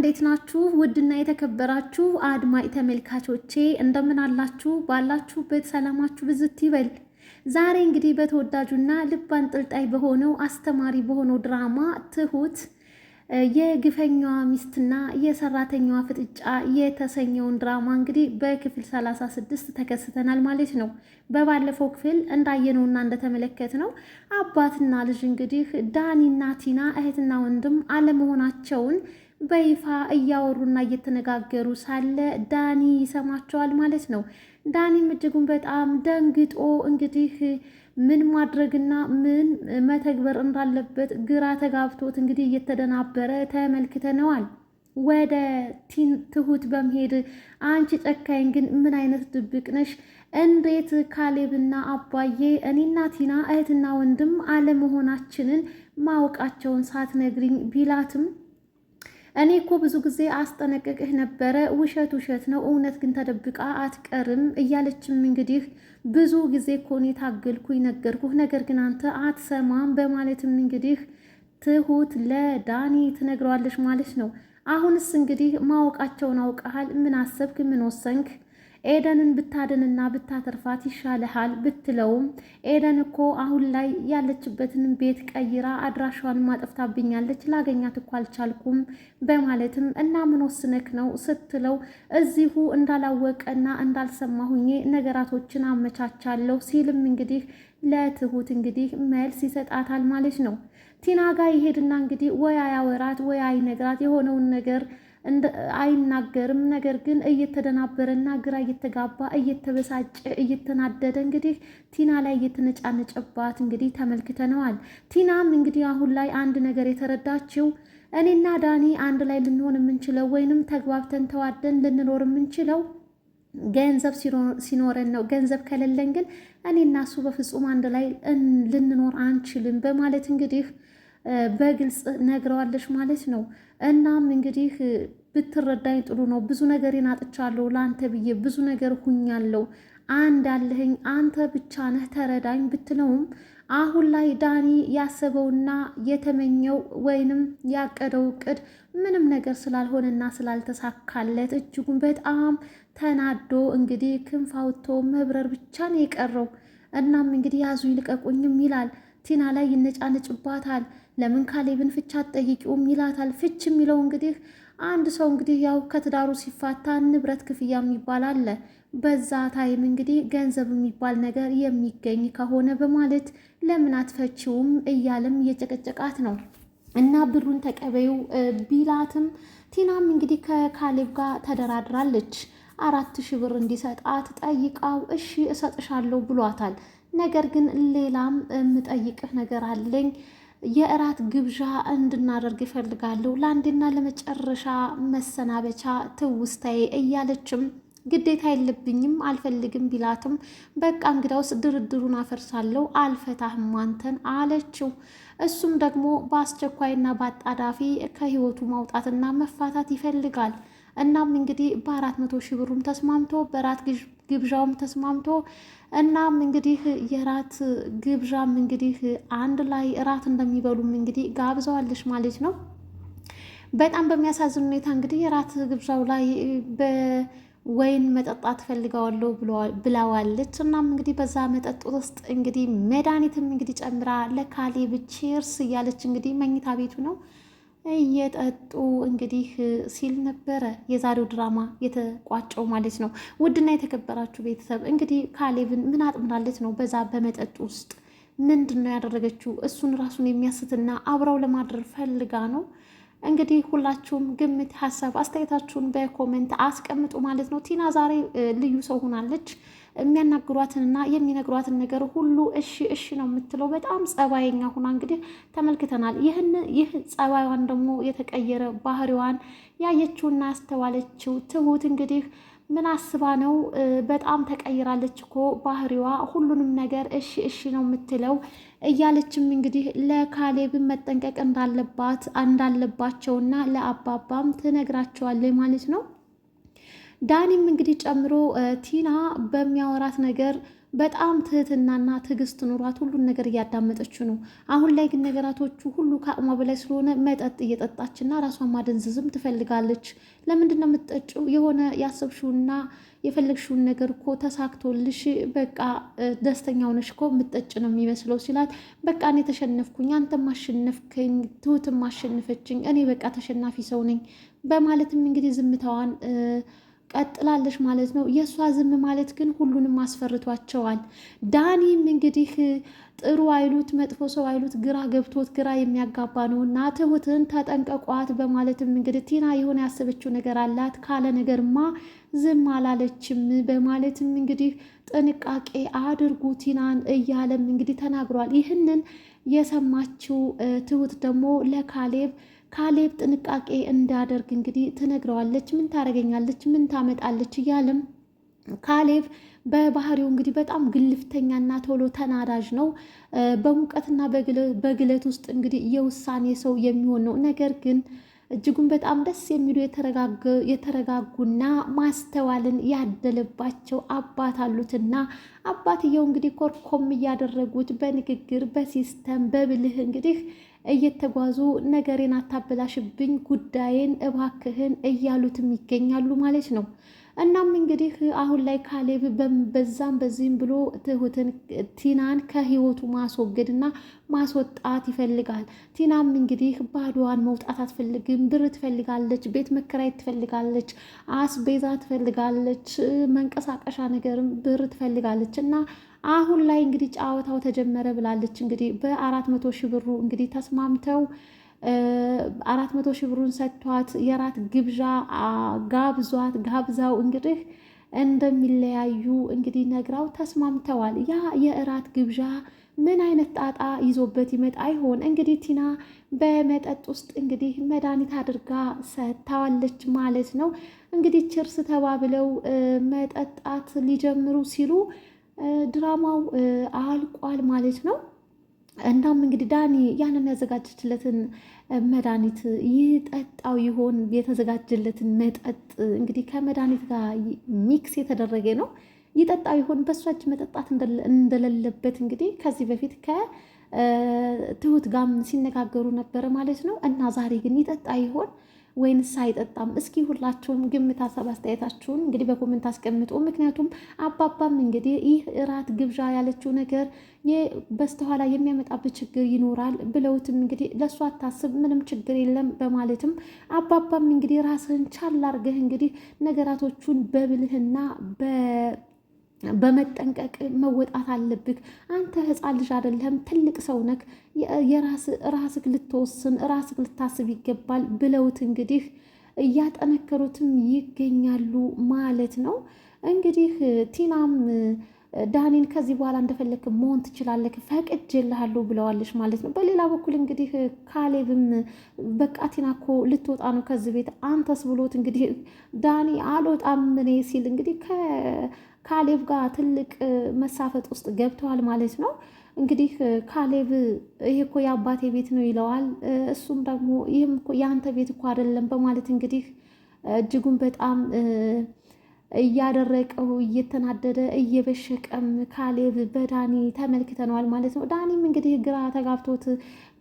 እንዴት ናችሁ? ውድና የተከበራችሁ አድማጭ ተመልካቾቼ እንደምን አላችሁ? ባላችሁበት ሰላማችሁ ብዝት ይበል። ዛሬ እንግዲህ በተወዳጁና ልብ አንጠልጣይ በሆነው አስተማሪ በሆነው ድራማ ትሁት የግፈኛዋ ሚስትና የሰራተኛዋ ፍጥጫ የተሰኘውን ድራማ እንግዲህ በክፍል 36 ተከስተናል ማለት ነው። በባለፈው ክፍል እንዳየነውና እንደተመለከትነው አባትና ልጅ እንግዲህ ዳኒና ቲና እህትና ወንድም አለመሆናቸውን በይፋ እያወሩና እየተነጋገሩ ሳለ ዳኒ ይሰማቸዋል ማለት ነው። ዳኒም እጅጉን በጣም ደንግጦ እንግዲህ ምን ማድረግና ምን መተግበር እንዳለበት ግራ ተጋብቶት እንግዲህ እየተደናበረ ተመልክተነዋል። ወደ ትሁት በመሄድ አንቺ ጨካኝ ግን ምን አይነት ድብቅ ነሽ? እንዴት ካሌብና አባዬ እኔና ቲና እህትና ወንድም አለመሆናችንን ማወቃቸውን ሳትነግሪኝ ቢላትም እኔ እኮ ብዙ ጊዜ አስጠነቀቅህ ነበረ። ውሸት ውሸት ነው፣ እውነት ግን ተደብቃ አትቀርም እያለችም እንግዲህ ብዙ ጊዜ እኮ እኔ ታገልኩኝ፣ ነገርኩህ፣ ነገር ግን አንተ አትሰማም በማለትም እንግዲህ ትሁት ለዳኒ ትነግረዋለች ማለት ነው። አሁንስ እንግዲህ ማወቃቸውን አውቀሃል። ምን አሰብክ? ምን ወሰንክ? ኤደንን ብታድንና ብታተርፋት ይሻልሃል ብትለውም ኤደን እኮ አሁን ላይ ያለችበትን ቤት ቀይራ አድራሻዋን ማጠፍታብኛለች፣ ላገኛት እኮ አልቻልኩም በማለትም እና ምን ወስነክ ነው ስትለው እዚሁ እንዳላወቀና እንዳልሰማሁኝ ነገራቶችን አመቻቻለሁ ሲልም እንግዲህ ለትሁት እንግዲህ መልስ ይሰጣታል ማለት ነው። ቲና ጋ ይሄድና እንግዲህ ወይ አያወራት ወይ አይነግራት የሆነውን ነገር አይናገርም። ነገር ግን እየተደናበረና ግራ እየተጋባ እየተበሳጨ እየተናደደ እንግዲህ ቲና ላይ እየተነጫነጨባት እንግዲህ ተመልክተነዋል። ቲናም እንግዲህ አሁን ላይ አንድ ነገር የተረዳችው እኔና ዳኒ አንድ ላይ ልንሆን የምንችለው ወይንም ተግባብተን ተዋደን ልንኖር የምንችለው ገንዘብ ሲኖረን ነው። ገንዘብ ከሌለን ግን እኔና እሱ በፍጹም አንድ ላይ ልንኖር አንችልም በማለት እንግዲህ በግልጽ ነግረዋለች ማለት ነው። እናም እንግዲህ ብትረዳኝ ጥሩ ነው። ብዙ ነገሬን አጥቻለሁ፣ ለአንተ ብዬ ብዙ ነገር ሁኛለሁ። አንድ አለህኝ አንተ ብቻ ነህ፣ ተረዳኝ ብትለውም አሁን ላይ ዳኒ ያሰበውና የተመኘው ወይንም ያቀደው እቅድ ምንም ነገር ስላልሆነና ስላልተሳካለት እጅጉን በጣም ተናዶ እንግዲህ ክንፍ አውጥቶ መብረር ብቻ ነው የቀረው። እናም እንግዲህ ያዙኝ ልቀቁኝም ይላል። ቲና ላይ ይነጫነጭባታል። ለምን ካሌብን ፍቻ አትጠይቂውም ይላታል። ፍች የሚለው እንግዲህ አንድ ሰው እንግዲህ ያው ከትዳሩ ሲፋታ ንብረት ክፍያ የሚባል አለ። በዛ ታይም እንግዲህ ገንዘብ የሚባል ነገር የሚገኝ ከሆነ በማለት ለምን አትፈችውም እያለም እየጨቀጨቃት ነው እና ብሩን ተቀበዩ ቢላትም ቲናም እንግዲህ ከካሌብ ጋር ተደራድራለች። አራት ሺህ ብር እንዲሰጣት ጠይቃው እሺ እሰጥሻለሁ ብሏታል። ነገር ግን ሌላም የምጠይቅህ ነገር አለኝ። የእራት ግብዣ እንድናደርግ ይፈልጋለሁ ለአንዴና ለመጨረሻ መሰናበቻ ትውስታዬ እያለችም ግዴታ የለብኝም አልፈልግም ቢላትም በቃ እንግዳውስ ድርድሩን አፈርሳለሁ አልፈታህም አንተን አለችው። እሱም ደግሞ በአስቸኳይና በአጣዳፊ ከህይወቱ ማውጣትና መፋታት ይፈልጋል። እናም እንግዲህ በአራት መቶ ሺህ ብሩም ተስማምቶ በራት ግብዣውም ተስማምቶ እናም እንግዲህ የራት ግብዣም እንግዲህ አንድ ላይ እራት እንደሚበሉም እንግዲህ ጋብዘዋለች ማለት ነው። በጣም በሚያሳዝን ሁኔታ እንግዲህ የራት ግብዣው ላይ ወይን መጠጣት ፈልገዋለሁ ብለዋለች። እናም እንግዲህ በዛ መጠጥ ውስጥ እንግዲህ መድኃኒትም እንግዲህ ጨምራ ለካሌብ ቼርስ እያለች እንግዲህ መኝታ ቤቱ ነው እየጠጡ እንግዲህ ሲል ነበረ የዛሬው ድራማ የተቋጨው ማለት ነው። ውድና የተከበራችሁ ቤተሰብ እንግዲህ ካሌብን ምን አጥምዳለች ነው በዛ በመጠጥ ውስጥ ምንድን ነው ያደረገችው? እሱን ራሱን የሚያስትና አብረው ለማድረግ ፈልጋ ነው እንግዲህ ሁላችሁም ግምት፣ ሀሳብ፣ አስተያየታችሁን በኮሜንት አስቀምጡ ማለት ነው። ቲና ዛሬ ልዩ ሰው ሆናለች። የሚያናግሯትንና የሚነግሯትን ነገር ሁሉ እሺ እሺ ነው የምትለው። በጣም ጸባይኛ ሁና እንግዲህ ተመልክተናል። ይህን ይህ ጸባይዋን ደግሞ የተቀየረ ባህሪዋን ያየችውና ያስተዋለችው ትሁት እንግዲህ ምን አስባ ነው? በጣም ተቀይራለች እኮ ባህሪዋ፣ ሁሉንም ነገር እሺ እሺ ነው የምትለው። እያለችም እንግዲህ ለካሌብን መጠንቀቅ እንዳለባት እንዳለባቸውና ለአባባም ትነግራቸዋለች ማለት ነው። ዳኒም እንግዲህ ጨምሮ ቲና በሚያወራት ነገር በጣም ትህትናና ትዕግስት ኑሯት ሁሉን ነገር እያዳመጠችው ነው። አሁን ላይ ግን ነገራቶቹ ሁሉ ከአቅሟ በላይ ስለሆነ መጠጥ እየጠጣችና ራሷን ማደንዝዝም ትፈልጋለች። ለምንድን ነው የምትጠጪው? የሆነ ያሰብሽውና የፈለግሽውን ነገር እኮ ተሳክቶልሽ በቃ ደስተኛ ሆነሽ እኮ የምትጠጭ ነው የሚመስለው ሲላት፣ በቃ እኔ ተሸነፍኩኝ፣ አንተም አሸነፍከኝ፣ ትሁትም አሸነፈችኝ፣ እኔ በቃ ተሸናፊ ሰው ነኝ በማለትም እንግዲህ ዝምታዋን ቀጥላለች ማለት ነው። የእሷ ዝም ማለት ግን ሁሉንም አስፈርቷቸዋል። ዳኒም እንግዲህ ጥሩ አይሉት መጥፎ ሰው አይሉት ግራ ገብቶት ግራ የሚያጋባ ነው እና ትሁትን ተጠንቀቋት በማለትም እንግዲህ ቲና የሆነ ያሰበችው ነገር አላት ካለ ነገርማ ዝም አላለችም በማለትም እንግዲህ ጥንቃቄ አድርጉ ቲናን እያለም እንግዲህ ተናግሯል። ይህንን የሰማችው ትሁት ደግሞ ለካሌብ ካሌብ ጥንቃቄ እንዳደርግ እንግዲህ ትነግረዋለች። ምን ታደርገኛለች? ምን ታመጣለች? እያለም ካሌብ በባህሪው እንግዲህ በጣም ግልፍተኛና ቶሎ ተናዳጅ ነው። በሙቀትና በግለት ውስጥ እንግዲህ የውሳኔ ሰው የሚሆን ነው። ነገር ግን እጅጉን በጣም ደስ የሚሉ የተረጋጉና ማስተዋልን ያደለባቸው አባት አሉትና አባትየው እንግዲህ ኮርኮም እያደረጉት በንግግር በሲስተም በብልህ እንግዲህ እየተጓዙ ነገሬን አታበላሽብኝ፣ ጉዳይን እባክህን እያሉትም ይገኛሉ ማለት ነው። እናም እንግዲህ አሁን ላይ ካሌብ በዛም በዚህም ብሎ ትሁትን ቲናን ከህይወቱ ማስወገድና ማስወጣት ይፈልጋል። ቲናም እንግዲህ ባዶዋን መውጣት አትፈልግም። ብር ትፈልጋለች፣ ቤት መከራየት ትፈልጋለች፣ አስቤዛ ትፈልጋለች፣ መንቀሳቀሻ ነገርም ብር ትፈልጋለች እና አሁን ላይ እንግዲህ ጨዋታው ተጀመረ ብላለች። እንግዲህ በአራት መቶ ሺህ ብሩ እንግዲህ ተስማምተው አራት መቶ ሺህ ብሩን ሰጥቷት የራት ግብዣ ጋብዟት ጋብዛው እንግዲህ እንደሚለያዩ እንግዲህ ነግራው ተስማምተዋል። ያ የእራት ግብዣ ምን አይነት ጣጣ ይዞበት ይመጣ ይሆን? እንግዲህ ቲና በመጠጥ ውስጥ እንግዲህ መድኃኒት አድርጋ ሰጥታዋለች ማለት ነው። እንግዲህ ችርስ ተባብለው መጠጣት ሊጀምሩ ሲሉ ድራማው አልቋል ማለት ነው። እናም እንግዲህ ዳኒ ያንን ያዘጋጀችለትን መድኃኒት ይጠጣው ይሆን? የተዘጋጀለትን መጠጥ እንግዲህ ከመድኃኒት ጋር ሚክስ የተደረገ ነው። ይጠጣው ይሆን? በእሷ እጅ መጠጣት እንደሌለበት እንግዲህ ከዚህ በፊት ከትሁት ጋርም ሲነጋገሩ ነበረ ማለት ነው። እና ዛሬ ግን ይጠጣ ይሆን? ወይንስ አይጠጣም? እስኪ ሁላችሁም ግምት፣ ሀሳብ አስተያየታችሁን እንግዲህ በኮመንት አስቀምጡ። ምክንያቱም አባባም እንግዲህ ይህ እራት ግብዣ ያለችው ነገር በስተኋላ የሚያመጣብት ችግር ይኖራል ብለውትም እንግዲህ ለእሱ አታስብ፣ ምንም ችግር የለም በማለትም አባባም እንግዲህ ራስህን ቻል አድርገህ እንግዲህ ነገራቶቹን በብልህና በመጠንቀቅ መወጣት አለብህ። አንተ ህፃን ልጅ አይደለህም፣ ትልቅ ሰው ነህ። የራስህ ልትወስን ራስህ ልታስብ ይገባል ብለውት እንግዲህ እያጠነከሩትም ይገኛሉ ማለት ነው። እንግዲህ ቲናም ዳኒን ከዚህ በኋላ እንደፈለክ መሆን ትችላለህ ፈቅጄልሃለሁ ብለዋለች ማለት ነው። በሌላ በኩል እንግዲህ ካሌብም በቃ ቲና እኮ ልትወጣ ነው ከዚህ ቤት አንተስ ብሎት እንግዲህ ዳኒ አልወጣም እኔ ሲል እንግዲህ ከካሌብ ጋር ትልቅ መሳፈጥ ውስጥ ገብተዋል ማለት ነው። እንግዲህ ካሌብ ይሄ እኮ የአባቴ ቤት ነው ይለዋል። እሱም ደግሞ ይህም እኮ የአንተ ቤት እኮ አይደለም በማለት እንግዲህ እጅጉን በጣም እያደረቀው እየተናደደ እየበሸቀም ካሌብ በዳኒ ተመልክተነዋል ማለት ነው። ዳኒም እንግዲህ ግራ ተጋብቶት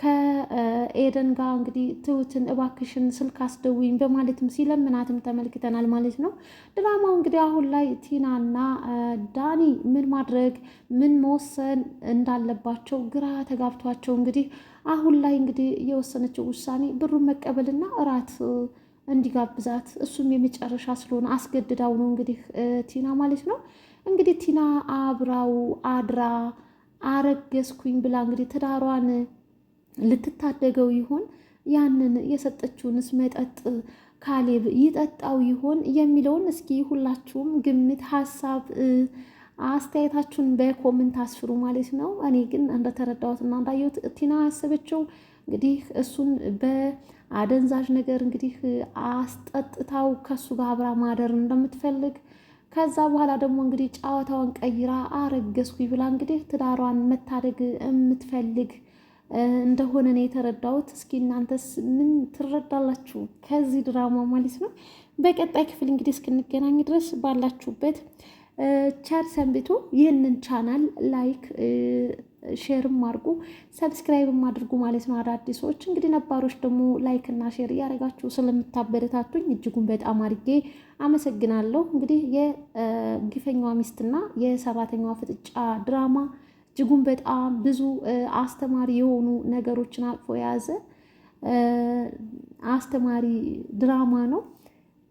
ከኤደን ጋር እንግዲህ ትሁትን እባክሽን ስልክ አስደውኝ በማለትም ሲለምናትም ተመልክተናል ማለት ነው። ድራማው እንግዲህ አሁን ላይ ቲናና ዳኒ ምን ማድረግ ምን መወሰን እንዳለባቸው ግራ ተጋብቷቸው እንግዲህ አሁን ላይ እንግዲህ የወሰነችው ውሳኔ ብሩን መቀበልና እራት እንዲጋብዛት እሱም የመጨረሻ ስለሆነ አስገድዳው ነው እንግዲህ ቲና ማለት ነው። እንግዲህ ቲና አብራው አድራ አረገዝኩኝ ብላ እንግዲህ ትዳሯን ልትታደገው ይሆን? ያንን የሰጠችውንስ መጠጥ ካሌብ ይጠጣው ይሆን የሚለውን እስኪ ሁላችሁም ግምት፣ ሀሳብ፣ አስተያየታችሁን በኮመንት አስፍሩ ማለት ነው። እኔ ግን እንደተረዳሁት እና እንዳየሁት ቲና ያሰበችው እንግዲህ እሱን በ አደንዛዥ ነገር እንግዲህ አስጠጥታው ከሱ ጋር አብራ ማደር እንደምትፈልግ ከዛ በኋላ ደግሞ እንግዲህ ጨዋታዋን ቀይራ አረገዝኩኝ ብላ እንግዲህ ትዳሯን መታደግ የምትፈልግ እንደሆነ ነው የተረዳሁት። እስኪ እናንተስ ምን ትረዳላችሁ ከዚህ ድራማ ማለት ነው? በቀጣይ ክፍል እንግዲህ እስክንገናኝ ድረስ ባላችሁበት ቸር ሰንብቱ። ይህንን ቻናል ላይክ ሼርም አድርጉ ሰብስክራይብም አድርጉ ማለት ነው። አዳዲሶች እንግዲህ ነባሮች ደግሞ ላይክ እና ሼር እያደረጋችሁ ስለምታበረታቱኝ እጅጉን በጣም አድርጌ አመሰግናለሁ። እንግዲህ የግፈኛዋ ሚስትና የሰራተኛዋ ፍጥጫ ድራማ እጅጉን በጣም ብዙ አስተማሪ የሆኑ ነገሮችን አቅፎ የያዘ አስተማሪ ድራማ ነው።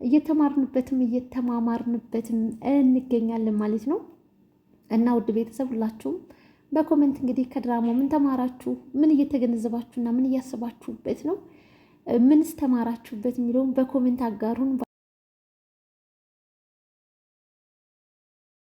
እየተማርንበትም እየተማማርንበትም እንገኛለን ማለት ነው እና ውድ ቤተሰብ ሁላችሁም በኮመንት እንግዲህ ከድራማው ምን ተማራችሁ፣ ምን እየተገነዘባችሁና ምን እያስባችሁበት ነው፣ ምንስ ተማራችሁበት የሚለውን በኮመንት አጋሩን።